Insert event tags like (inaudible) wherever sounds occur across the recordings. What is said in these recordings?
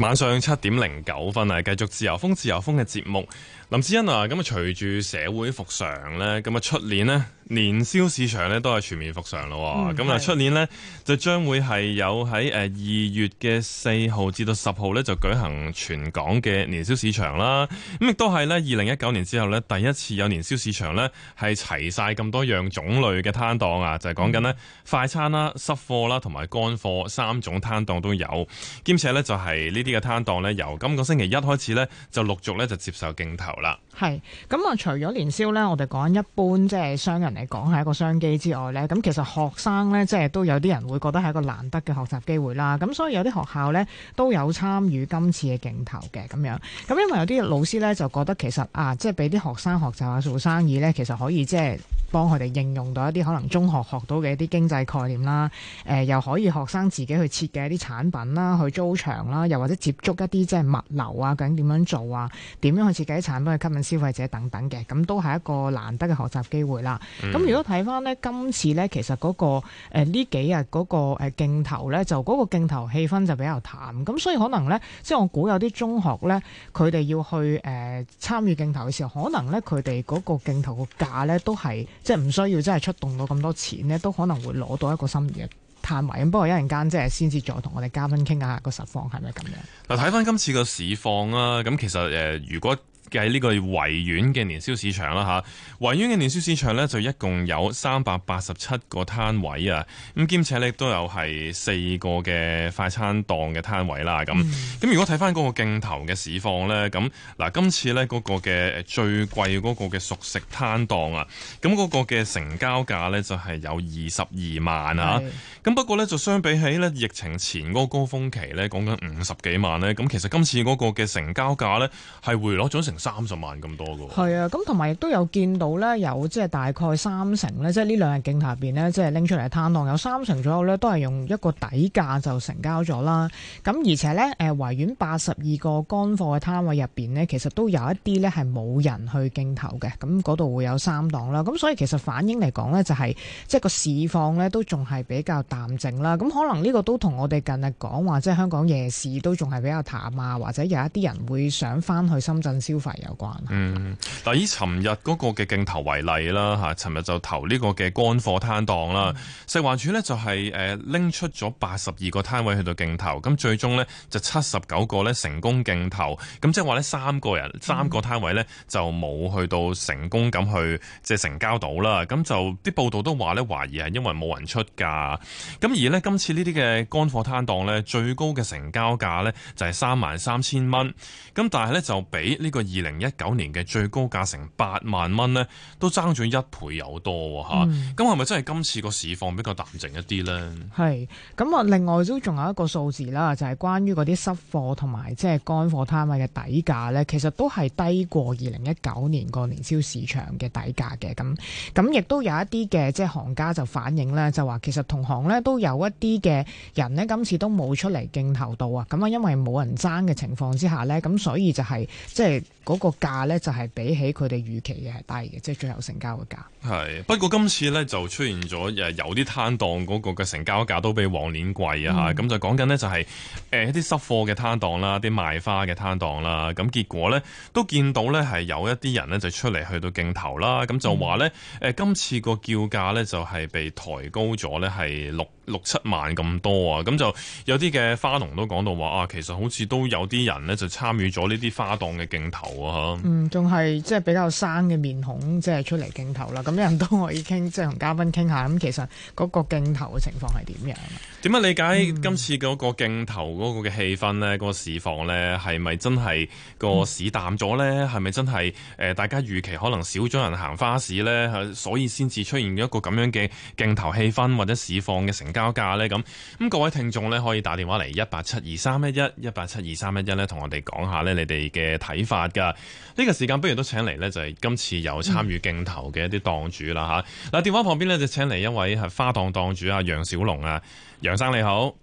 晚上七點零九分啊，繼續自由風自由風嘅節目。林思欣啊，咁啊隨住社會復常咧，咁啊出年咧年宵市場咧都係全面復常咯。咁啊出年咧就將會係有喺誒二月嘅四號至到十號咧就舉行全港嘅年宵市場啦。咁亦都係咧二零一九年之後咧第一次有年宵市場咧係齊晒咁多樣種類嘅攤檔啊，就係講緊咧快餐啦、濕貨啦同埋乾貨三種攤檔都有，兼且咧就係呢啲。嘅攤檔咧，由今個星期一開始咧，就陸續咧就接受競投啦。係咁啊，除咗年宵咧，我哋講一般即係商人嚟講係一個商機之外咧，咁其實學生咧即係都有啲人會覺得係一個難得嘅學習機會啦。咁所以有啲學校咧都有參與今次嘅競投嘅咁樣。咁因為有啲老師咧就覺得其實啊，即係俾啲學生學習下做生意咧，其實可以即係幫佢哋應用到一啲可能中學學到嘅一啲經濟概念啦。誒、呃，又可以學生自己去設計一啲產品啦，去租場啦，又或者，接觸一啲即係物流啊，究竟點樣做啊？點樣去設計產品去吸引消費者等等嘅，咁都係一個難得嘅學習機會啦。咁、嗯、如果睇翻呢，今次呢，其實嗰、那個、呃、幾個呢幾日嗰個誒競投呢，就嗰個競投氣氛就比較淡。咁所以可能呢，即係我估有啲中學呢，佢哋要去誒、呃、參與競投嘅時候，可能呢，佢哋嗰個競投個價呢都係即係唔需要真係出動到咁多錢呢，都可能會攞到一個心意。探埋咁，不過一陣間即係先至再同我哋嘉賓傾下個實況係咪咁樣？嗱，睇返今次個市況啦，咁其實誒，如果喺呢個維園嘅年宵市場啦嚇，維園嘅年宵市場呢，就一共有三百八十七個攤位啊，咁兼且呢，都有係四個嘅快餐檔嘅攤位啦咁。咁、嗯、如果睇翻嗰個鏡頭嘅市況呢，咁嗱今次呢，嗰個嘅最貴嗰個嘅熟食攤檔啊，咁嗰個嘅成交價呢，就係有二十二萬啊，咁不過呢，就相比起呢疫情前嗰個高峰期呢，講緊五十幾萬呢。咁其實今次嗰個嘅成交價呢，係回落咗成三十萬咁多嘅，係啊，咁同埋亦都有見到咧，有即係大概三成咧，即係呢兩日競投入邊咧，即係拎出嚟嘅攤檔有三成左右咧，都係用一個底價就成交咗啦。咁而且咧，誒維園八十二個乾貨嘅攤位入邊呢，其實都有一啲咧係冇人去競投嘅。咁嗰度會有三檔啦。咁所以其實反映嚟講咧，就係即係個市況咧都仲係比較淡靜啦。咁可能呢個都同我哋近日講話，即係香港夜市都仲係比較淡啊，或者有一啲人會想翻去深圳消費。有關啦，嗯，嗱以尋日嗰個嘅競投為例啦，嚇，尋日就投呢個嘅乾貨攤檔啦，嗯、食環署呢，就係誒拎出咗八十二個攤位去到競投，咁最終呢，就七十九個呢成功競投，咁即係話呢，三個人、嗯、三個攤位呢，就冇去到成功咁去即係、就係、成交到啦，咁就啲報道都話呢，懷疑係因為冇人出價，咁而呢，今次呢啲嘅乾貨攤檔呢，最高嘅成交價呢，就係三萬三千蚊，咁但係呢，就俾呢、呢個二零一九年嘅最高價成八萬蚊呢，都爭咗一倍有多吓、啊。咁係咪真係今次個市況比較淡靜一啲呢？係咁啊！另外都仲有一個數字啦，就係、是、關於嗰啲濕貨同埋即係乾貨攤位嘅底價呢，其實都係低過二零一九年個年宵市場嘅底價嘅。咁咁亦都有一啲嘅即係行家就反映呢，就話其實同行呢，都有一啲嘅人呢，今次都冇出嚟競投到啊。咁啊，因為冇人爭嘅情況之下呢，咁所以就係即係。就是就是嗰個價咧就係、是、比起佢哋預期嘅係低嘅，即係最後成交嘅價，係不過今次咧就出現咗誒有啲攤檔嗰個嘅成交價都比往年貴啊嚇。咁、嗯、就講緊呢，就係誒一啲濕貨嘅攤檔啦，啲賣花嘅攤檔啦。咁結果咧都見到咧係有一啲人咧就出嚟去到鏡頭啦，咁就話咧誒今次個叫價咧就係、是、被抬高咗咧係六六七萬咁多啊，咁就有啲嘅花農都講到話啊，其實好似都有啲人呢就參與咗呢啲花檔嘅競投啊，仲係、嗯、即係比較生嘅面孔，即係出嚟競投啦。咁人都可以傾，即係同嘉賓傾下。咁其實嗰個競投嘅情況係點樣？點樣理解今次嗰個競投嗰個嘅氣氛呢？嗰、嗰個市況呢？係咪真係個市淡咗呢？係咪、嗯、真係誒、呃、大家預期可能少咗人行花市呢？所以先至出現一個咁樣嘅競投氣氛或者市況嘅成交價咧咁咁，各位聽眾咧可以打電話嚟一八七二三一一一八七二三一一咧，同我哋講下咧你哋嘅睇法㗎。呢個時間不如都請嚟咧，就係今次有參與競投嘅一啲檔主啦吓。嗱、嗯啊，電話旁邊咧就請嚟一位係花檔檔主楊小龍啊，楊小龍啊，楊生你好，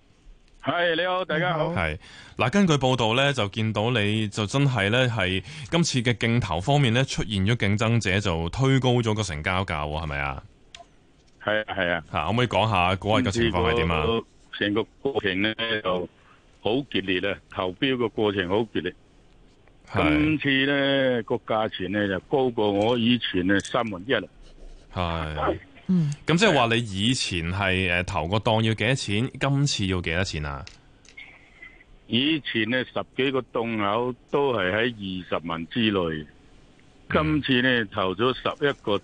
係你好，大家好。係嗱、嗯啊，根據報道呢就見到你就真係呢，係今次嘅競投方面咧出現咗競爭者，就推高咗個成交價，係咪啊？係啊係啊，吓可唔可以講下嗰個情況係點啊？成個過程咧就好激烈啊！投標個過程好激烈。激烈的今次咧個價錢咧就高過我以前咧三分一啦。係的，咁、嗯、即係話你以前係誒投個檔要幾多錢？今次要幾多錢啊？以前咧十幾個檔口都係喺二十萬之內，今次咧投咗十一個，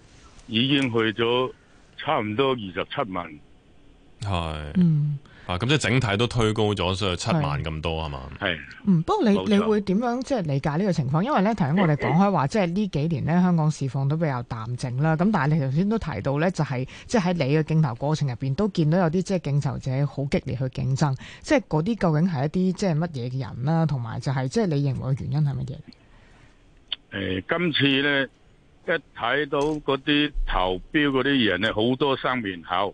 已經去咗。差唔多二十七萬，係是，嗯，啊，咁即係整體都推高咗，所以七萬咁多啊嘛，係吧，是嗯，不過你錯你會點樣即係理解呢個情況？因為咧頭先我哋講開話，即係呢幾年咧香港市況都比較淡靜啦。咁但係你頭先都提到咧，就係即係喺你嘅鏡頭過程入邊都見到有啲即係競投者好激烈去競爭。即係嗰啲究竟係一啲即係乜嘢嘅人啦？同埋就係即係你認為嘅原因係乜嘢？誒、欸，今次咧。一睇到嗰啲投標嗰啲人咧，好多生面口，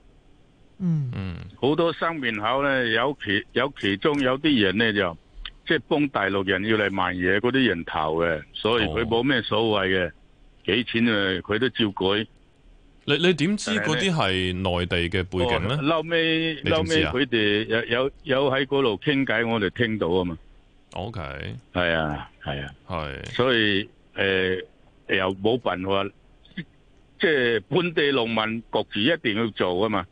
嗯嗯，好多生面口咧，有其有其中有啲人咧就即係幫大陸人要嚟賣嘢嗰啲人投嘅，所以佢冇咩所謂嘅，幾錢啊，佢都照舉。你你點知嗰啲係內地嘅背景咧？後尾後尾佢哋有有有喺嗰度傾偈，我哋聽到啊嘛。OK，係啊係啊係，所以誒。又冇辦法喎，即係本地農民各自一定要做㗎嘛。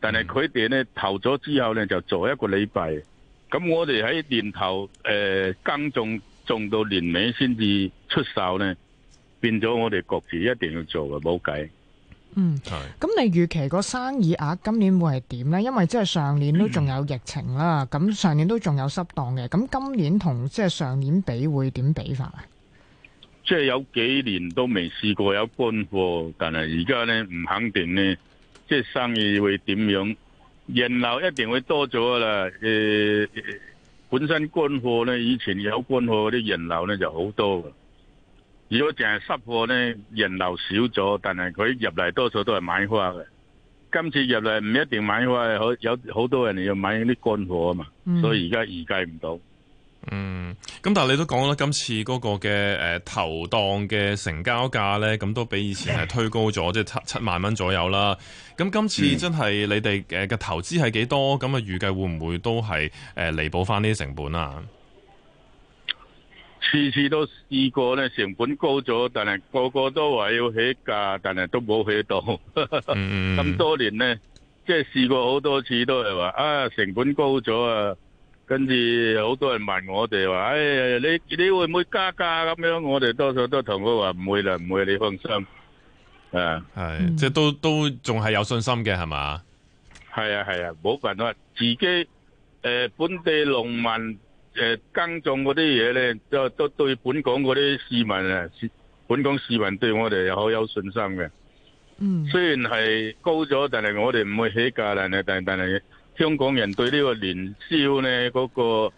但係佢哋咧投咗之後咧就做一個禮拜，咁我哋喺年頭誒耕種種到年尾先至出售咧，變咗我哋各自一定要做啊，冇計。嗯，係。咁你預期個生意額今年會係點咧？因為即係上年都仲有疫情啦，咁上年都仲有失當嘅，咁今年同即係上年比會點比法啊？即係有幾年都未試過有乾貨，但係而家咧唔肯定咧，即係生意會點樣？人流一定會多咗啦。誒，本身乾貨咧，以前有乾貨嗰啲人流咧就好多。如果淨係濕貨咧，人流少咗，但係佢入嚟多數都係買花嘅。今次入嚟唔一定買花，有好多人要買啲乾貨啊嘛。所以而家預計唔到。嗯，咁但係你都講啦，今次嗰個嘅誒、呃、投檔嘅成交價呢，咁都比以前係推高咗， (laughs) 即係七七萬蚊左右啦。咁今次真係你哋誒嘅投資係幾多？咁、嗯、啊預計會唔會都係誒彌補翻呢啲成本啊？次次都試過呢，成本高咗，但係個個都話要起價，但係都冇起到。咁 (laughs) 多年呢，即係試過好多次都，都係話啊，成本高咗啊。跟住好多人問我哋話，哎你你會唔會加價咁樣？我哋多數都同佢話唔會啦，唔會，你放心。啊，係，即係都都仲係有信心嘅，係嘛？係啊係啊，冇辦法，自己誒、呃、本地農民誒、呃、耕種嗰啲嘢咧，都都對本港嗰啲市民啊，本港市民對我哋又好有信心嘅。嗯，雖然係高咗，但係我哋唔會起價啦，你但但係。香港人對呢個年宵咧，嗰、那個誒、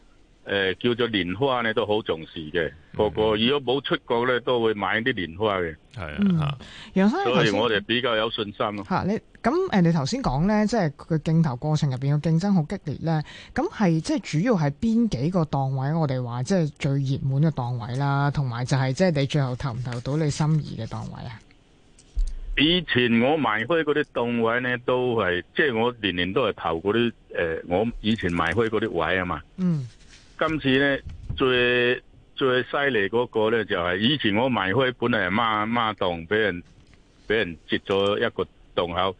呃、叫做蓮花咧，都好重視嘅。個個如果冇出國咧，都會買啲蓮花嘅，係啊。嗯，楊生、啊，我哋比較有信心咯、啊。吓、嗯，你咁誒、啊，你頭先講咧，即係佢競投過程入邊嘅競爭好激烈咧。咁係即係主要係邊幾個檔位我？我哋話即係最熱門嘅檔位啦，同埋就係、是、即係你最後投唔投到你心儀嘅檔位啊？以前我埋開嗰啲檔位咧，都係即係我年年都係投嗰啲誒，我以前埋開嗰啲位啊嘛。嗯。今次咧最最犀利嗰個咧就係、是，以前我埋開本嚟係孖孖檔，俾人俾人截咗一個檔口，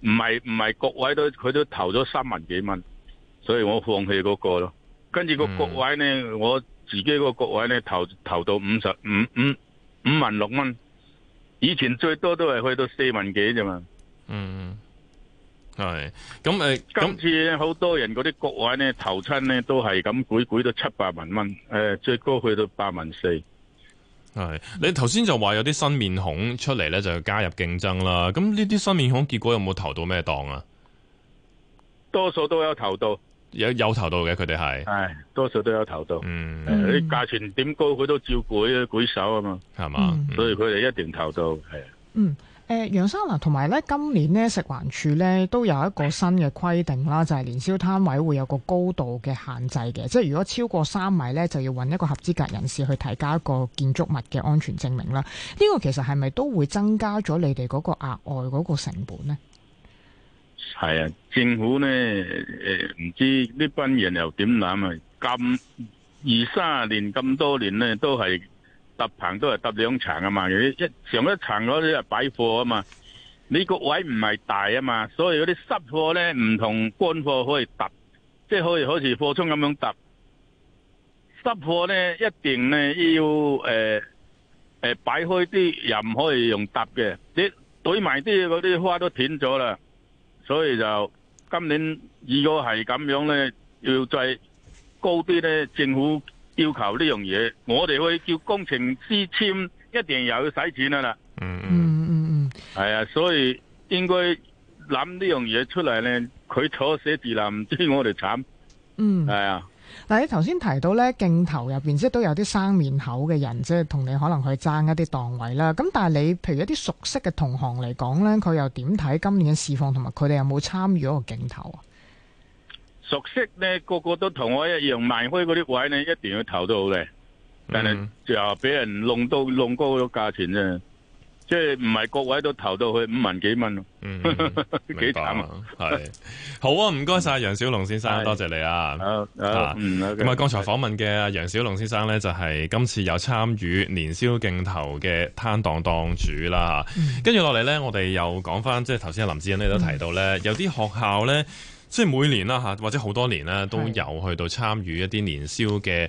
唔係唔係各位都佢都投咗三萬幾蚊，所以我放棄嗰個咯。跟住個角位咧，嗯、我自己個角位咧投投到五十五五五萬六蚊。以前最多都係去到四萬幾啫嘛，嗯，係，咁誒，呃、今次好多人嗰啲國外呢投親呢都係咁舉舉到七百萬蚊，誒，最高去到八萬四。係，你頭先就話有啲新面孔出嚟，呢，就要加入競爭啦。咁呢啲新面孔結果有冇投到咩檔啊？多數都有投到。有有投到嘅，佢哋係係，多數都有投到。嗯，啲價、欸、錢點高，佢都照舉舉手啊嘛，係嘛吧，嗯、所以佢哋一定投到。係嗯，誒、呃，楊生嗱，同埋咧，今年咧食環署咧，都有一個新嘅規定啦，就係、是、年宵攤位會有個高度嘅限制嘅，即係如果超過三米咧，就要揾一個合資格人士去提交一個建築物嘅安全證明啦。呢、這個其實係咪都會增加咗你哋嗰個額外嗰個成本咧？係啊，政府咧誒，唔、呃、知呢班人又點諗啊？咁二卅年咁多年咧，都係搭棚都係搭兩層啊嘛。一上一層嗰啲啊擺貨啊嘛，你，這個位唔係大啊嘛，所以嗰啲濕貨咧唔同乾貨可以搭，即係可以好似貨倉咁樣搭。濕貨咧一定咧要誒誒，呃呃、擺開啲，又唔可以用搭嘅，你堆埋啲嗰啲花都斷咗啦。所以就今年如果係咁樣咧，要再高啲咧，政府要求呢樣嘢，我哋會叫工程師簽，一定又要使錢啊啦。嗯嗯嗯嗯，係啊，所以應該諗呢樣嘢出嚟咧，佢坐寫字樓唔知我哋慘。嗯，係啊。嗱，但你頭先提到咧鏡頭入邊，即係都有啲生面口嘅人，即係同你可能去爭一啲檔位啦。咁但係你譬如一啲熟悉嘅同行嚟講咧，佢又點睇今年嘅市況，同埋佢哋有冇參與嗰個鏡頭啊？熟悉咧，個個都同我一樣賣開嗰啲位咧，一定要投都好咧，但係就俾人弄到弄高咗價錢啫。即係唔係各位都投到去五萬幾蚊咯，幾慘、嗯嗯、 (laughs) 啊！係白 (laughs) 好啊，唔該晒楊小龍先生，是多謝你啊。啊，咁啊、嗯，剛、okay, 才訪問嘅楊小龍先生呢，是就係今次有參與年宵競投嘅攤檔檔主啦。跟住落嚟呢，我哋又講翻，即係頭先阿林志恩咧都提到呢， (laughs) 有啲學校呢。即係每年啦嚇，或者好多年啦，都有去到參與一啲年宵嘅誒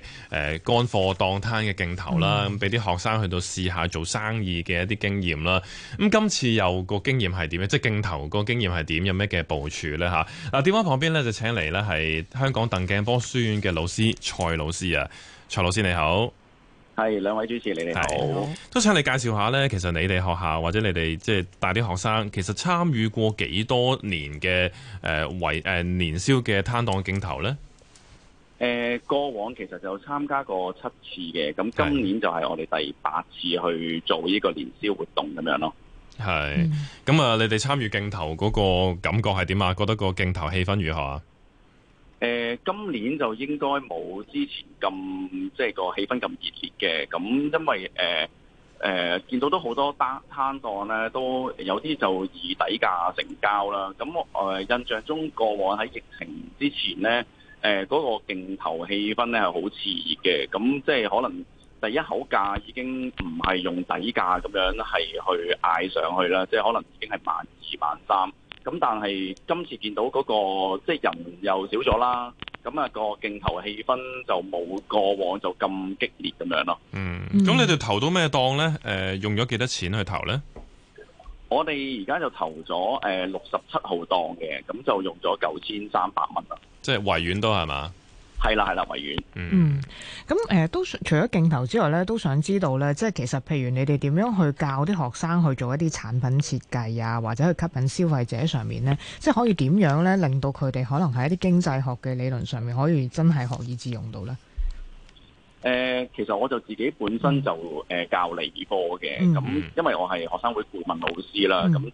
乾貨檔攤嘅競投啦，咁俾啲學生去到試下做生意嘅一啲經驗啦。咁、嗯、今次又個經驗係點咧？即係競投個經驗係點？有咩嘅部署呢？嚇、啊？嗱，電話旁邊呢，就請嚟咧係香港鄧鏡波書院嘅老師蔡老師啊，蔡老師，蔡老師你好。係兩位主持，你哋好，都請你介紹下呢。其實你哋學校或者你哋即係帶啲學生，其實參與過幾多年嘅誒維誒年宵嘅攤檔競投呢？誒、呃，過往其實就參加過七次嘅，咁今年就係我哋第八次去做呢個年宵活動咁樣咯。係，咁啊，你哋參與競投嗰個感覺係點啊？覺得個競投氣氛如何啊？誒今年就應該冇之前咁即係個氣氛咁熱烈嘅，咁因為誒誒、呃呃、見到都好多攤攤檔咧，都有啲就以底價成交啦。咁誒、呃、印象中過往喺疫情之前咧，誒、呃、嗰、嗰個競投氣氛咧係好熾熱嘅，咁即係可能第一口價已經唔係用底價咁樣係去嗌上去啦，即、就、係、係、可能已經係萬二萬三。咁但係今次見到嗰、那個即係人又少咗啦，咁、那、啊個競投氣氛就冇過往就咁激烈咁樣咯。嗯，咁你哋投到咩檔呢？誒，用咗幾多錢去投呢？我哋而家就投咗誒六十七號檔嘅，咁就用咗九千三百蚊啦。即係維園都係嘛？係啦，係啦，維園。嗯，咁誒，都、呃、除咗鏡頭之外咧，都想知道咧，即係其實，譬如你哋點樣去教啲學生去做一啲產品設計啊，或者去吸引消費者上面咧，即係可以點樣咧，令到佢哋可能喺一啲經濟學嘅理論上面，可以真係學以致用到咧。誒、呃，其實我就自己本身就誒、嗯呃、教理波嘅，咁、嗯、因為我係學生會顧問老師啦，咁誒、嗯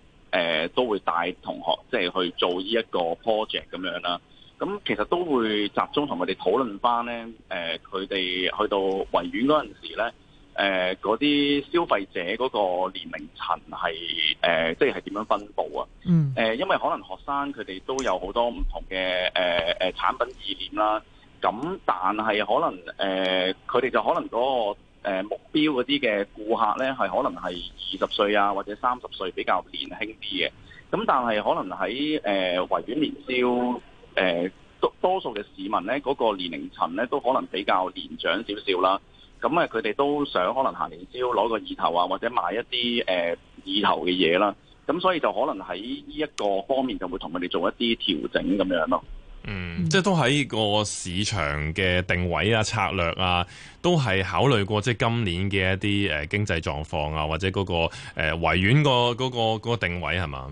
呃、都會帶同學即係去做呢一個 project 咁樣啦。咁其實都會集中同佢哋討論翻咧，誒佢哋去到維園嗰陣時咧，誒嗰啲消費者嗰個年齡層係誒、呃，即係點樣分佈啊？嗯，誒因為可能學生佢哋都有好多唔同嘅誒誒產品意念啦，咁但係可能誒佢哋就可能嗰個目標嗰啲嘅顧客咧，係可能係二十歲啊，或者三十歲比較年輕啲嘅，咁但係可能喺誒、呃、維園年宵。誒多多數嘅市民咧，嗰、那個年齡層咧都可能比較年長少少啦。咁啊，佢哋都想可能行年宵攞個意頭啊，或者買一啲誒意頭嘅嘢啦。咁所以就可能喺呢一個方面就會同佢哋做一啲調整咁樣咯。嗯，即係都喺個市場嘅定位啊、策略啊，都係考慮過即係今年嘅一啲誒經濟狀況啊，或者嗰、那個誒維園個嗰、那個那個那個、定位係嘛？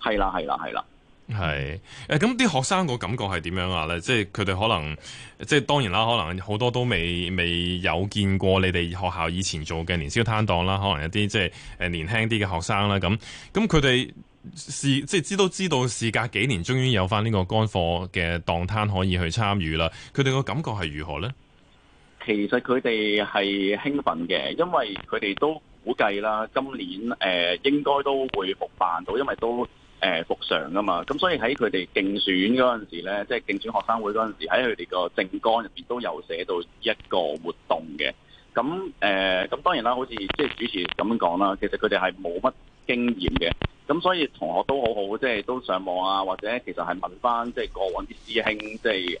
係啦，係啦，係啦。係誒，咁啲學生個感覺係點樣啊？咧，即係佢哋可能，即係當然啦，可能好多都未未有見過你哋學校以前做嘅年宵攤檔啦，可能一啲即係誒年輕啲嘅學生啦，咁咁佢哋事即係知都知道，事隔幾年終於有翻呢個乾貨嘅檔攤可以去參與啦，佢哋個感覺係如何咧？其實佢哋係興奮嘅，因為佢哋都估計啦，今年誒，呃，應該都會復辦到，因為都。誒復常啊嘛，咁所以喺佢哋競選嗰陣時咧，即係競選學生會嗰陣時，喺佢哋個政綱入邊都有寫到一個活動嘅。咁誒咁當然啦，好似即係主持咁樣講啦，其實佢哋係冇乜經驗嘅。咁所以同學都好好，即係都上網啊，或者其實係問翻即係過往啲師兄，即係誒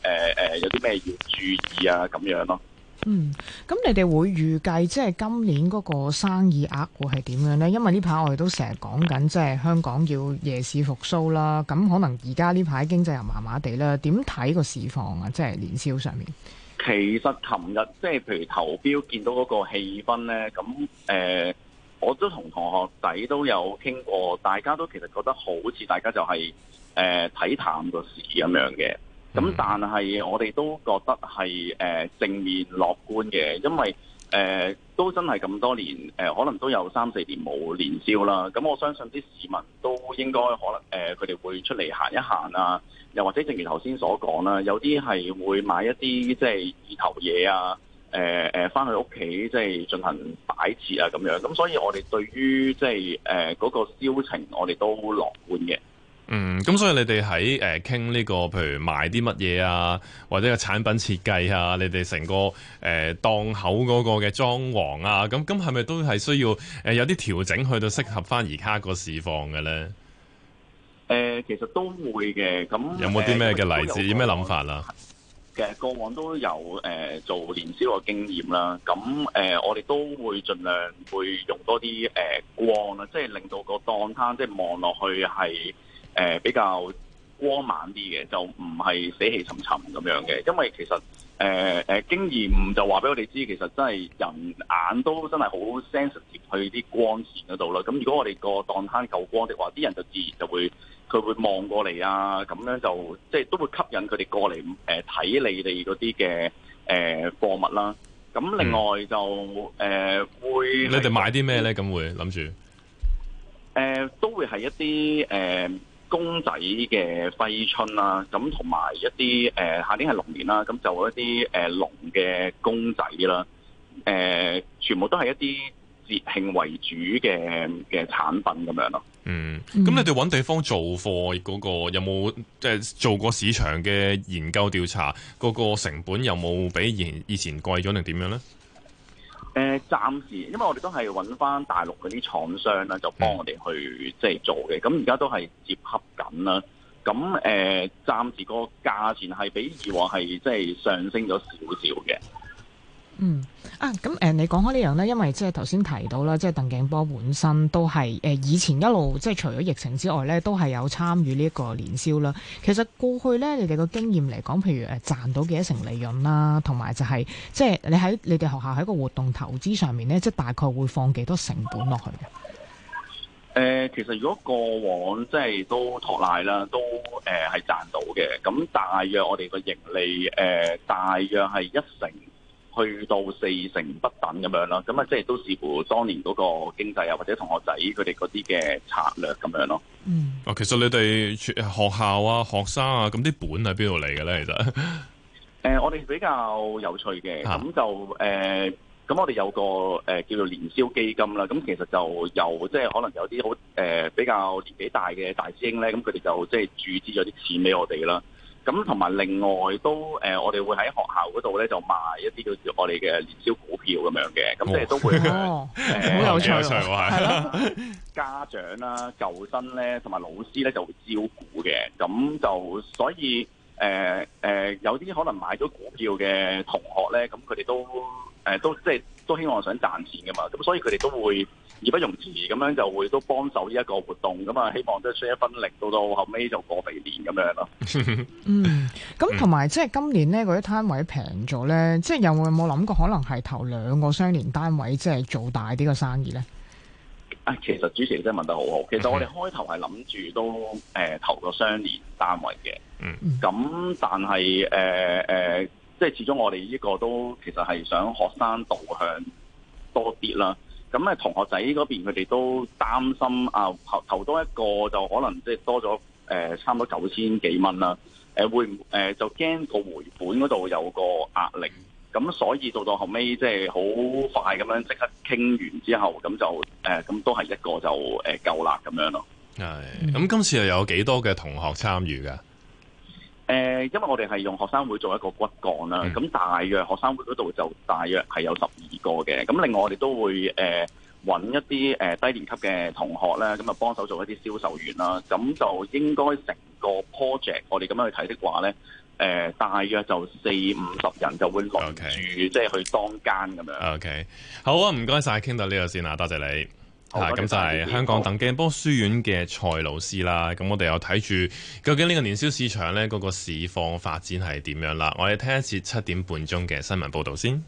誒有啲咩要注意啊咁樣咯。嗯，咁你哋會預計即係今年嗰個生意額會係點樣呢？因為呢排我哋都成日講緊，即係香港要夜市復甦啦。咁可能而家呢排經濟又麻麻地咧，點睇個市況啊？即係年宵上面，其實琴日即係譬如投標見到嗰個氣氛呢，咁誒、呃，我都同同學仔都有傾過，大家都其實覺得好似大家就係誒睇淡個市咁樣嘅。嗯。咁、嗯、但係我哋都覺得係誒正面樂觀嘅，因為誒、呃、都真係咁多年誒、呃，可能都有三四年冇年宵啦。咁我相信啲市民都應該可能誒，佢、呃、哋會出嚟行一行啊，又或者正如頭先所講啦，有啲係會買一啲即係意頭嘢啊，誒誒翻去屋企即係進行擺設啊咁樣。咁所以我哋對於即係誒嗰個銷情，我哋都樂觀嘅。嗯，咁所以你哋喺誒傾呢個，譬如賣啲乜嘢啊，或者個產品設計啊，你哋成個誒、呃、檔口嗰個嘅裝潢啊，咁咁係咪都係需要誒、呃、有啲調整去到適合翻而家個市況嘅咧？誒、呃，其實都會嘅。咁有冇啲咩嘅例子？有咩諗、啊、法啦？其實過往都有誒、呃、做年宵嘅經驗啦。咁、呃、誒、呃，我哋都會盡量會用多啲誒、呃、光啊，即係令到個檔攤即係望落去係。誒、呃，比較光猛啲嘅，就唔係死氣沉沉咁樣嘅。因為其實，誒、呃、誒，經驗就話俾我哋知，其實真係人眼都真係好 sensitive 去啲光線嗰度啦。咁如果我哋個檔攤夠光的話，啲人就自然就會佢會望過嚟啊。咁咧就即係都會吸引佢哋過嚟誒睇你哋嗰啲嘅誒貨物啦。咁另外就誒、嗯呃、會，你哋買啲咩咧？咁會諗住誒，都會係一啲誒。呃公仔嘅揮春啦，咁同埋一啲誒、呃，下年係龍年啦，咁、嗯、就一啲誒、呃、龍嘅公仔啦，誒、呃，全部都係一啲節慶為主嘅嘅產品咁樣咯。嗯，咁你哋揾地方做貨嗰、那個有冇即係做過市場嘅研究調查？嗰、那個成本有冇比前以前貴咗定點樣咧？誒暫時，因為我哋都係揾翻大陸嗰啲廠商啦，就幫我哋去即係、就是、做嘅。咁而家都係接洽緊啦。咁誒、呃，暫時個價錢係比以往係即係上升咗少少嘅。嗯啊，咁、嗯、誒，你講開呢樣咧，因為即係頭先提到啦，即係鄧鏡波本身都係誒以前一路即係除咗疫情之外咧，都係有參與呢一個年宵啦。其實過去咧，你哋個經驗嚟講，譬如誒賺到幾多成利潤啦，同埋就係即係你喺你哋學校喺一個活動投資上面咧，即、就、係、是、大概會放幾多成本落去嘅？誒、呃，其實如果過往即係都托賴啦，都誒係賺到嘅。咁大約我哋個盈利誒、呃、大約係一成。去到四成不等咁樣咯，咁啊即係都視乎當年嗰個經濟啊，或者同學仔佢哋嗰啲嘅策略咁樣咯。嗯，哦，其實你哋學校啊、學生啊，咁啲本係邊度嚟嘅咧？其實，誒，我哋比較有趣嘅，咁就誒，咁、呃、我哋有個誒叫做年宵基金啦。咁其實就由即係可能有啲好誒比較年紀大嘅大師兄咧，咁佢哋就即係注資咗啲錢俾我哋啦。咁同埋另外都誒、呃，我哋會喺學校嗰度咧就賣一啲叫做我哋嘅年宵股票咁樣嘅，咁即係都會誒誒，家長啦、啊、舊生咧同埋老師咧就會招股嘅，咁就所以誒誒、呃呃，有啲可能買咗股票嘅同學咧，咁佢哋都誒、呃、都即係、就是、都希望想賺錢噶嘛，咁所以佢哋都會。義不容辭咁樣就會都幫手呢一個活動咁啊！希望都出一分力，到到後尾就過肥年咁樣咯。 (laughs) 嗯，咁同埋即係今年呢嗰啲攤位平咗呢，即係有冇冇諗過可能係投兩個雙連單位，即係做大啲個生意呢？啊，其實主持真係問得好好。其實我哋開頭係諗住都誒、呃、投個雙連單位嘅，嗯，咁但係誒誒，即係始終我哋呢個都其實係想學生導向多啲啦。咁咧，同學仔嗰邊佢哋都擔心啊，投投多一個就可能即係多咗誒、呃，差唔多九千幾蚊啦。誒、呃、會誒、呃、就驚個回本嗰度有個壓力，咁所以到到後尾，即係好快咁樣即刻傾完之後，咁就誒咁、呃、都係一個就誒夠啦咁樣咯。係，咁今次又有幾多嘅同學參與㗎？誒，因為我哋係用學生會做一個骨幹啦，咁、嗯、大約學生會嗰度就大約係有十二個嘅，咁另外我哋都會誒，揾、呃、一啲誒低年級嘅同學咧，咁啊幫手做一啲銷售員啦，咁就應該成個 project 我哋咁樣去睇的話咧，誒、呃、大約就四五十人就會來住，即係 Okay. 去當間咁樣。OK，好啊，唔該晒，傾到呢度先啊，多謝你。咁、啊、就係香港鄧鏡波書院嘅蔡老師啦。咁我哋又睇住究竟呢個年宵市場呢嗰、嗰個市況發展係點樣啦。我哋聽一次七點半鐘嘅新聞報導先。